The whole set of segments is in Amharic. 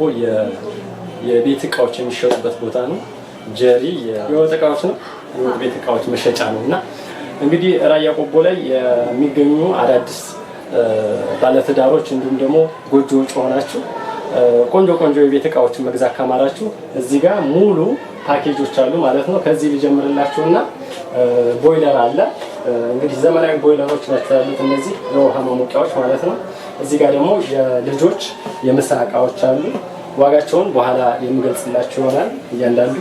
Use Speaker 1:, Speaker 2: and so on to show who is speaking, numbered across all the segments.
Speaker 1: ቆቦ የቤት እቃዎች የሚሸጡበት ቦታ ነው። ጀሪ የወጥ እቃዎች ነው፣ የወጥ ቤት እቃዎች መሸጫ ነው እና እንግዲህ ራያ ቆቦ ላይ የሚገኙ አዳዲስ ባለትዳሮች እንዲሁም ደግሞ ጎጆ ውጭ ሆናችሁ ቆንጆ ቆንጆ የቤት እቃዎችን መግዛት ካማራችሁ እዚህ ጋር ሙሉ ፓኬጆች አሉ ማለት ነው። ከዚህ እና ቦይለር አለ እንግዲህ ዘመናዊ ቦይለሮች ናቸው ያሉት እነዚህ ለውሃ ማሞቂያዎች ማለት ነው። እዚህ ጋር ደግሞ የልጆች የምሳ እቃዎች አሉ። ዋጋቸውን በኋላ የምገልጽላችሁ ይሆናል እያንዳንዱ።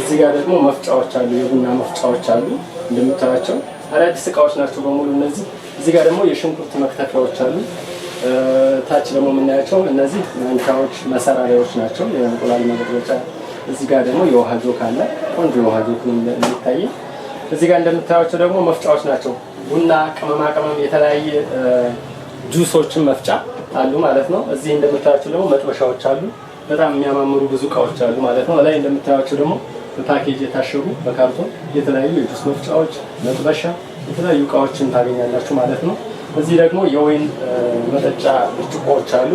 Speaker 1: እዚህ ጋር ደግሞ መፍጫዎች አሉ፣ የቡና መፍጫዎች አሉ እንደምታያቸው አዳዲስ እቃዎች ናቸው በሙሉ እነዚህ። እዚህ ጋር ደግሞ የሽንኩርት መክተፊያዎች አሉ። ታች ደግሞ የምናያቸው እነዚህ መንካዎች መሰራሪያዎች ናቸው የእንቁላል መገልበጫ። እዚህ ጋር ደግሞ የውሃ ጆክ አለ፣ ቆንጆ የውሃ ጆክ የሚታይ። እዚህ ጋር እንደምታያቸው ደግሞ መፍጫዎች ናቸው። ቡና፣ ቅመማ ቅመም፣ የተለያየ ጁሶችን መፍጫ አሉ ማለት ነው። እዚህ እንደምታያቸው ደግሞ መጥበሻዎች አሉ። በጣም የሚያማምሩ ብዙ እቃዎች አሉ ማለት ነው። ላይ እንደምታያቸው ደግሞ በፓኬጅ የታሸጉ በካርቶን የተለያዩ የጁስ መፍጫዎች፣ መጥበሻ፣ የተለያዩ እቃዎችን ታገኛላችሁ ማለት ነው። እዚህ ደግሞ የወይን መጠጫ ብርጭቆዎች አሉ።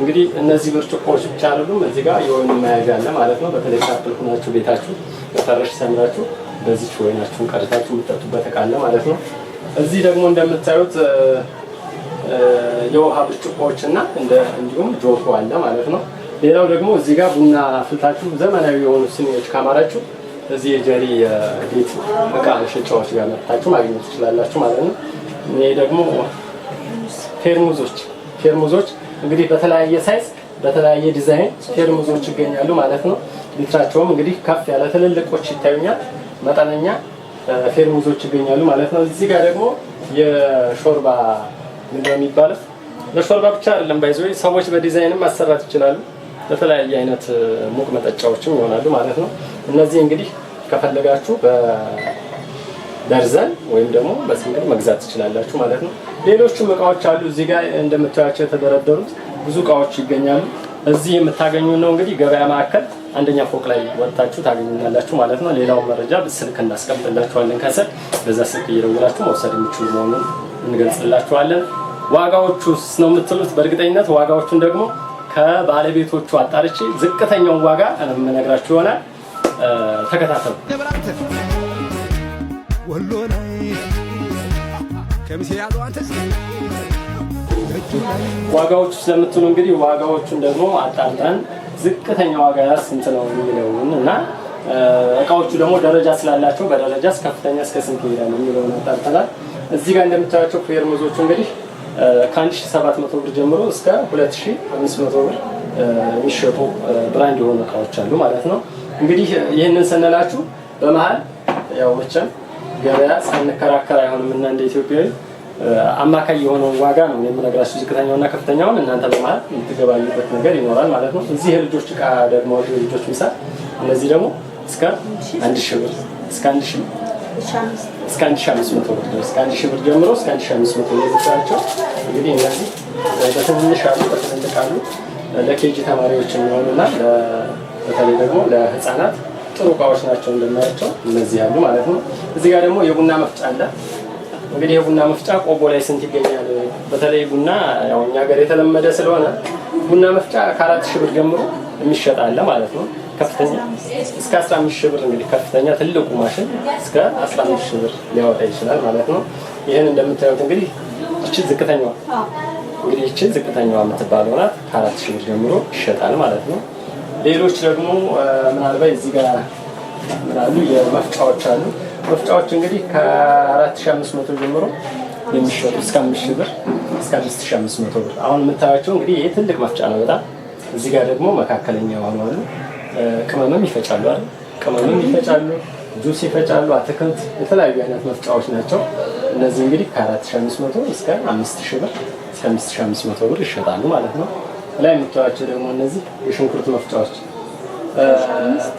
Speaker 1: እንግዲህ እነዚህ ብርጭቆዎች ብቻ አይደሉም። እዚህ ጋር የወይን መያዣ አለ ማለት ነው። በተለይ ካፕል ሆናችሁ ቤታችሁ በፈረሽ ሰምራችሁ በዚች ወይናችሁን ቀድታችሁ የምጠጡበት እቃ አለ ማለት ነው። እዚህ ደግሞ እንደምታዩት የውሃ ብርጭቆዎች እና እንዲሁም ጆፎ አለ ማለት ነው። ሌላው ደግሞ እዚህ ጋር ቡና ፍልታችሁ ዘመናዊ የሆኑ ስኒዎች ካማራችሁ እዚህ የጀሪ የቤት እቃ መሸጫዎች ጋር መጥታችሁ ማግኘት ትችላላችሁ ማለት ነው። ይሄ ደግሞ ፌርሙዞች ፌርሙዞች እንግዲህ በተለያየ ሳይዝ በተለያየ ዲዛይን ፌርሙዞች ይገኛሉ ማለት ነው። ሊትራቸውም እንግዲህ ከፍ ያለ ትልልቆች ይታዩኛል፣ መጠነኛ ፌርሙዞች ይገኛሉ ማለት ነው። እዚህ ጋር ደግሞ የሾርባ ምንድነው የሚባለው ለሾርባ ብቻ አይደለም ባይዘው ሰዎች በዲዛይንም ማሰራት ይችላሉ። ለተለያየ አይነት ሙቅ መጠጫዎችም ይሆናሉ ማለት ነው። እነዚህ እንግዲህ ከፈለጋችሁ በደርዘን ወይም ደግሞ በስንግል መግዛት ትችላላችሁ ማለት ነው። ሌሎቹም እቃዎች አሉ እዚህ ጋር እንደምታያቸው የተደረደሩት ብዙ እቃዎች ይገኛሉ። እዚህ የምታገኙ ነው እንግዲህ ገበያ ማዕከል አንደኛ ፎቅ ላይ ወጥታችሁ ታገኙናላችሁ ማለት ነው። ሌላው መረጃ ስልክ እናስቀምጥላችኋለን ከስር በዛ ስልክ እየደወላችሁ መውሰድ የሚችሉ መሆኑን እንገልጽላችኋለን። ዋጋዎቹስ ነው የምትሉት? በእርግጠኝነት ዋጋዎቹን ደግሞ ከባለቤቶቹ አጣርቼ ዝቅተኛውን ዋጋ እነግራችሁ ይሆናል። ተከታተሉ። ዋጋዎቹ ስለምትሉ እንግዲህ ዋጋዎቹን ደግሞ አጣርተን ዝቅተኛ ዋጋ ስንት ነው የሚለውን እና እቃዎቹ ደግሞ ደረጃ ስላላቸው በደረጃ ከፍተኛ እስከ ስንት ይሄዳል የሚለውን አጣርተናል። እዚህ ጋር እንደምታያቸው ፌርሙዞቹ እንግዲህ ከ1700 ብር ጀምሮ እስከ 2500 ብር የሚሸጡ ብራንድ የሆኑ እቃዎች አሉ ማለት ነው። እንግዲህ ይህንን ስንላችሁ በመሀል ያው መቼም ገበያ ሳንከራከር አይሆንም እና እንደ ኢትዮጵያዊ አማካይ የሆነውን ዋጋ ነው የምነግራችሁ፣ ዝቅተኛውና ከፍተኛውን እናንተ በመሀል የምትገባዩበት ነገር ይኖራል ማለት ነው። እዚህ የልጆች እቃ ደግሞ የልጆች ምሳ እነዚህ ደግሞ እስከ አንድ ሺህ ብር እስከ አንድ ሺህ እስከ 1500 ብር ድረስ ከአንድ ሺህ ብር ጀምሮ እስከ 1500 ብር እንግዲህ እነዚህ በትንንሽ አሉ፣ በተሰንጥቅ አሉ። ለኬጂ ተማሪዎች የሚሆኑና በተለይ ደግሞ ለህፃናት ጥሩ እቃዎች ናቸው። እንደማያቸው እነዚህ ያሉ ማለት ነው። እዚህ ጋር ደግሞ የቡና መፍጫ አለ። እንግዲህ የቡና መፍጫ ቆቦ ላይ ስንት ይገኛል? በተለይ ቡና ያው እኛ ሀገር የተለመደ ስለሆነ ቡና መፍጫ ከአራት ሺህ ብር ጀምሮ የሚሸጥ አለ ማለት ነው። ከፍተኛ እስከ 15 ሺህ ብር እንግዲህ ከፍተኛ ትልቁ ማሽን እስከ 15 ሺህ ብር ሊያወጣ ይችላል ማለት ነው። ይህን እንደምታዩት እንግዲህ እቺ ዝቅተኛዋ እንግዲህ እቺ ዝቅተኛዋ የምትባለው ናት። ከአራት ሺህ ብር ጀምሮ ይሸጣል ማለት ነው። ሌሎች ደግሞ ምናልባት እዚህ ጋር ምናሉ የመፍጫዎች አሉ። መፍጫዎች እንግዲህ ከ4500 ጀምሮ የሚሸጡ እስከ 5000 ብር እስከ መቶ ብር። አሁን የምታያቸው እንግዲህ ይህ ትልቅ መፍጫ ነው በጣም እዚህ ጋር ደግሞ መካከለኛ የሆኑ አሉ። ቅመምም ይፈጫሉ አይደል? ቅመምም ይፈጫሉ፣ ጁስ ይፈጫሉ፣ አትክልት፣ የተለያዩ አይነት መፍጫዎች ናቸው። እነዚህ እንግዲህ ከ መቶ እስከ 5000 ብር እስከ መቶ ብር ይሸጣሉ ማለት ነው። ላይ የምታዩዋቸው ደግሞ እነዚህ የሽንኩርት መፍጫዎች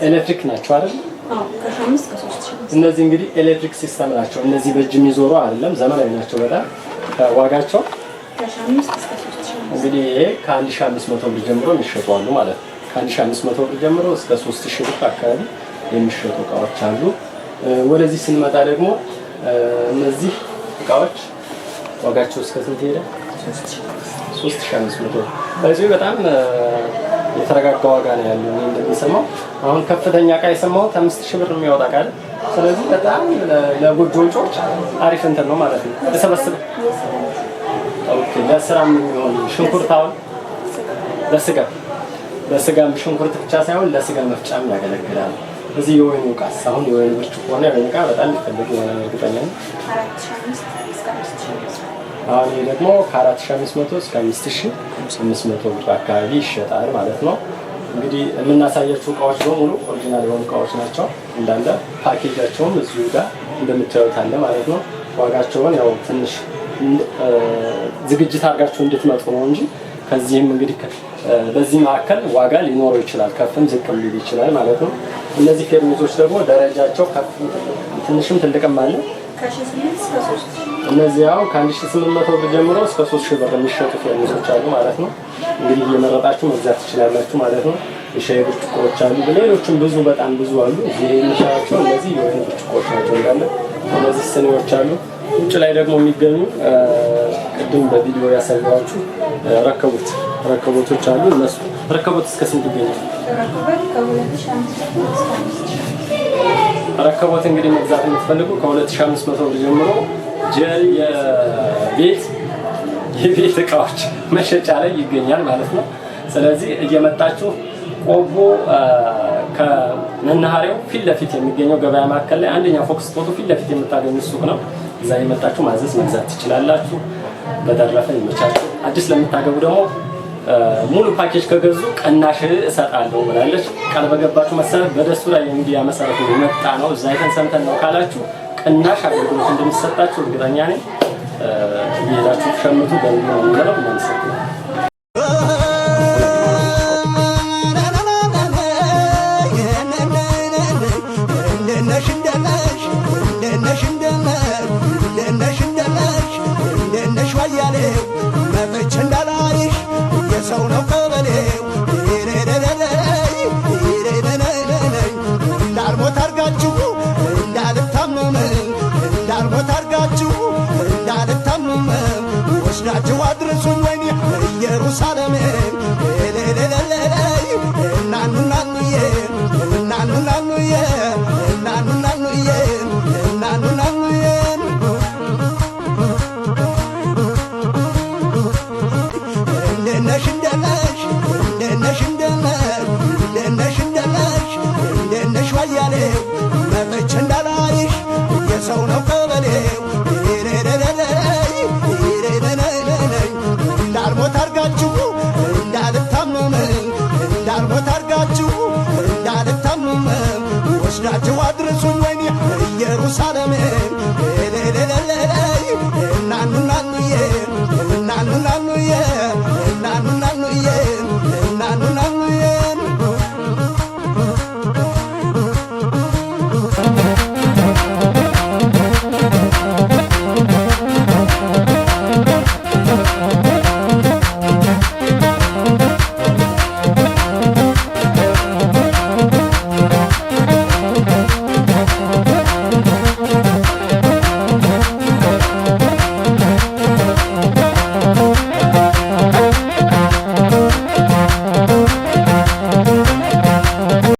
Speaker 1: ኤሌክትሪክ ናቸው አይደል? እነዚህ እንግዲህ ኤሌክትሪክ ሲስተም ናቸው። እነዚህ በእጅ የሚዞሩ አይደለም፣ ዘመናዊ ናቸው በጣም ዋጋቸው እንግዲህ ይሄ ከ1500 ብር ጀምሮ የሚሸጡ አሉ ማለት ነው። ከአንድ አምስት መቶ ብር ጀምሮ እስከ ሶስት ብር አካባቢ የሚሸጡ እቃዎች አሉ። ወደዚህ ስንመጣ ደግሞ እነዚህ እቃዎች ዋጋቸው እስከ ስንት ይሄዳል? 3500 በዚህ በጣም የተረጋጋ ዋጋ ነው ያለው። እኔ እንደሚሰማው አሁን ከፍተኛ እቃ የሰማሁት አምስት ሺህ ብር የሚያወጣ ቃል። ስለዚህ በጣም ለጎጆ ወጪዎች አሪፍ እንትን ነው ማለት ነው። ተሰበስበ ለስራም የሚሆን ሽንኩርት አሁን ለስጋ ለስጋም ሽንኩርት ብቻ ሳይሆን ለስጋ መፍጫም ያገለግላል። እዚህ የወይኑ ቃስ አሁን የወይኑ ብርጭቆ ሆነ የወይኑ ቃ በጣም ሊፈልግ የሆነ እርግጠኛ ነው። አሁን ይህ ደግሞ ከአራት አምስት መቶ እስከ አምስት አምስት መቶ ብር አካባቢ ይሸጣል ማለት ነው። እንግዲህ የምናሳያቸው እቃዎች በሙሉ ኦሪጂናል የሆኑ እቃዎች ናቸው። እንዳለ ፓኬጃቸውም እዚሁ ጋር እንደምታዩት አለ ማለት ነው። ዋጋቸውን ያው ትንሽ ዝግጅት አድርጋችሁ እንድትመጡ ነው እንጂ ከዚህም እንግዲህ በዚህ መካከል ዋጋ ሊኖረው ይችላል፣ ከፍም ዝቅም ሊል ይችላል ማለት ነው። እነዚህ ፌርሚቶች ደግሞ ደረጃቸው ትንሽም ትልቅም አለ። እነዚህ አሁን ከ1800 ብር ጀምሮ እስከ 3000 ብር የሚሸጡ ፌርሚቶች አሉ ማለት ነው። እንግዲህ እየመረጣችሁ መግዛት ትችላላችሁ ማለት ነው። የሻይ ብርጭቆዎች አሉ፣ ሌሎችም ብዙ በጣም ብዙ አሉ። ይሄ የሚሻላቸው እነዚህ የወይን ብርጭቆዎች ናቸው እንዳለ እነዚህ ስኒዎች አሉ። ውጭ ላይ ደግሞ የሚገኙ ቅድም በቪዲዮ ያሳየኋችሁ ረከቦት ረከቦቶች አሉ። እነሱ ረከቦት እስከ ስንት ይገኛል? ረከቦት እንግዲህ መግዛት የምትፈልጉ ከ2500 ብር ጀምሮ ጀል የቤት የቤት እቃዎች መሸጫ ላይ ይገኛል ማለት ነው። ስለዚህ እየመጣችሁ ቆቦ መናኸሪያው ፊት ለፊት የሚገኘው ገበያ ማዕከል ላይ አንደኛ ፎክስ ፎቶ ፊት ለፊት የምታገኙት ሱቅ ነው። እዛ የመጣችሁ ማዘዝ መግዛት ትችላላችሁ። በተረፈ ይመቻችሁ። አዲስ ለምታገቡ ደግሞ ሙሉ ፓኬጅ ከገዙ ቅናሽ እሰጣለሁ ብላለች። ቃል በገባችሁ መሰረት በደሱ ላይ የሚዲያ መሰረት የመጣ ነው። እዛ ይተን ሰምተን ነው ካላችሁ ቅናሽ አገልግሎት እንደሚሰጣችሁ እርግጠኛ ነኝ። እየሄዳችሁ ሸምቱ በሚሆ ነው።